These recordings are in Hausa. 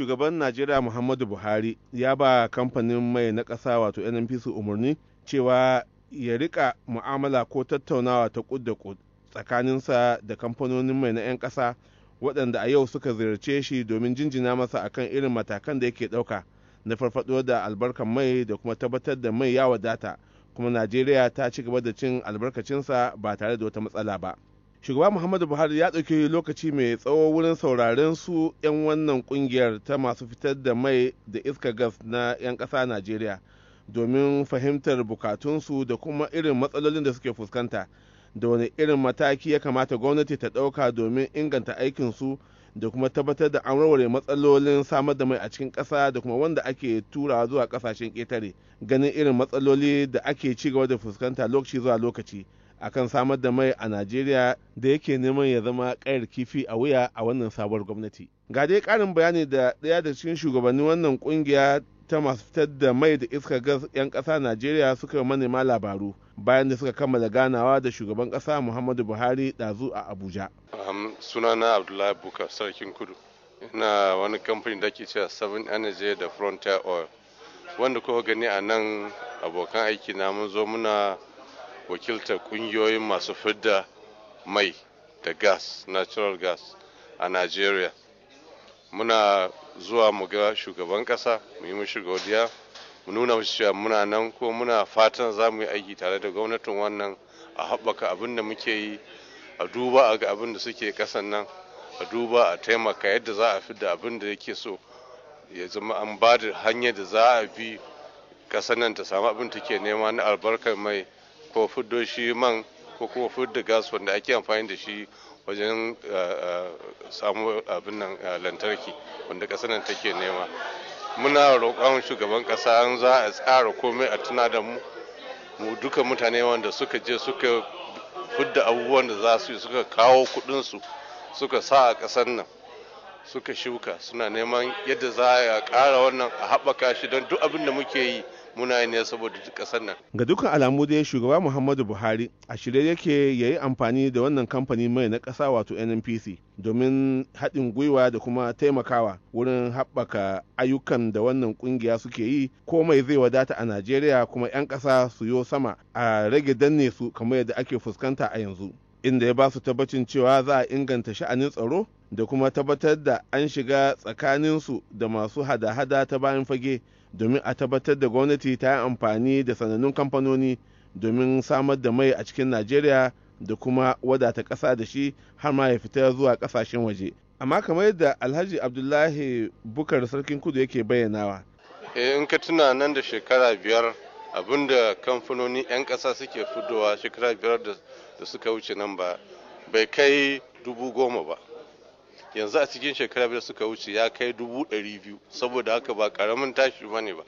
shugaban najeriya muhammadu buhari ya ba kamfanin mai na ƙasa wato nnpc umarni cewa ya rika mu'amala ko tattaunawa ta kud da kud tsakaninsa da kamfanonin mai na 'yan ƙasa waɗanda a yau suka ziyarce shi domin jinjina masa akan irin matakan da yake ɗauka na farfaɗo da albarkar mai da kuma tabbatar da mai ya wadata kuma najeriya ta ci gaba da cin albarkacinsa ba tare da wata matsala ba shugaba muhammadu buhari ya ɗauki lokaci mai tsawo wurin sauraren su 'yan wannan kungiyar ta masu fitar da mai da iska gas na 'yan ƙasa najeriya domin fahimtar bukatunsu da kuma irin matsalolin da suke fuskanta da wani irin mataki ya kamata gwamnati ta ɗauka domin inganta aikinsu da kuma tabbatar da an warware matsalolin samar da mai a cikin ƙasa da kuma wanda ake turawa zuwa ƙasashen ƙetare ganin irin matsaloli da ake ci gaba da fuskanta lokaci zuwa lokaci akan samar da mai a Najeriya da yake neman ya zama kayar kifi a wuya a wannan sabuwar gwamnati. Ga dai ƙarin bayani da ɗaya da cikin shugabannin wannan ƙungiya ta masu fitar da mai da iska gas 'yan ƙasa Najeriya suka yi manema labaru bayan da suka kammala ganawa da shugaban ƙasa Muhammadu Buhari ɗazu a Abuja. sunana Abdullahi buka Sarkin Kudu. Ina wani kamfani da ke cewa Seven Energy da Frontier Oil. Wanda kuka gani a nan abokan aiki na mun zo muna wakiltar kungiyoyin masu fidda mai da gas natural gas a nigeria muna zuwa mu ga shugaban kasa mu yi mishi godiya mu nuna mishi cewa muna nan ko muna fatan za mu yi aiki tare da gwamnatin wannan a haɓaka abin da muke yi a duba a ga abin da suke ƙasan nan a duba a taimaka yadda za a fidda abin da yake so ya zama an ba da hanyar da za a bi ƙasar nan ta samu abin take nema na albarkar mai ko fuddo shi man ko kuma fidda gas wanda ake amfani da shi wajen eh, eh, samu abin nan eh, lantarki wanda ƙasar nan take nema muna roƙon shugaban ƙasa an za a tsara komai a tuna da mu duka mutane wanda suka je suka fidda abubuwan da za su yi suka kawo kuɗinsu suka sa a ƙasar nan suka shuka suna neman yadda za a ƙara wannan a haɓaka shi don duk abin da muke yi muna yi ne saboda kasar nan ga dukkan alamu dai shugaba muhammadu buhari a shirye yake ya yi amfani da wannan kamfani mai na ƙasa wato nnpc domin haɗin gwiwa da kuma taimakawa wurin haɓaka ayyukan da wannan ƙungiya suke yi komai zai wadata a najeriya kuma 'yan ƙasa su yo sama a rage danne su kamar yadda ake fuskanta a yanzu inda ya ba su tabbacin cewa za a inganta sha'anin tsaro da kuma tabbatar da an shiga tsakaninsu da masu hada-hada ta bayan fage domin a tabbatar da gwamnati ta yi amfani da sanannun kamfanoni domin samar da mai a cikin najeriya da kuma wadata ƙasa da shi har ma ya fita zuwa ƙasashen waje amma kamar yadda alhaji abdullahi bukar sarkin kudu yake bayyanawa eh, in ka tuna nan da shekara biyar abinda kamfanoni 'yan ƙasa suke fidowa shekara biyar da da suka wuce nan ba bai kai dubu goma ba yanzu a cikin shekara biyar suka wuce ya kai dubu ɗari biyu saboda haka ba ƙaramin tashi ba ne ba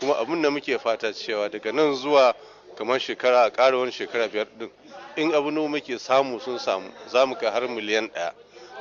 kuma abin da muke fata cewa daga nan zuwa kamar shekara a ƙara wani shekara biyar ɗin in abu nawa muke samu sun samu za mu kai har miliyan ɗaya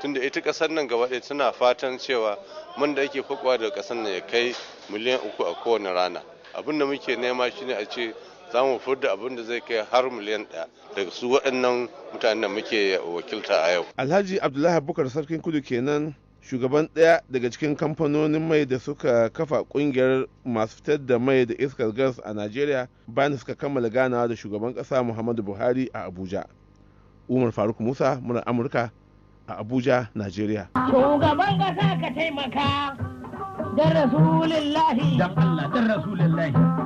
tunda ita ƙasar nan gaba ɗaya tana fatan cewa man da ake fakowa da ƙasar nan ya kai miliyan uku a kowane rana abin da muke nema shine a ce za mu furta abin da zai kai har miliyan ɗaya daga su waɗannan mutanen da muke wakilta a yau. Alhaji Abdullahi Bukar Sarkin Kudu kenan shugaban ɗaya daga cikin kamfanonin mai da suka kafa ƙungiyar masu fitar da mai da iskar gas a Najeriya bayan suka kammala ganawa da shugaban ƙasa Muhammadu Buhari a Abuja. Umar Faruk Musa, murar Amurka a Abuja, Najeriya. Shugaban ƙasa ka taimaka, dan Rasulillahi. Dan Allah, dan Rasulillahi.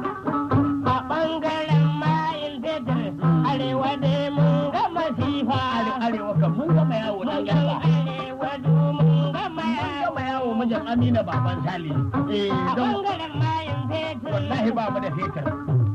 amina baban sali eh don bangaren mayin fetur wallahi ba da fetur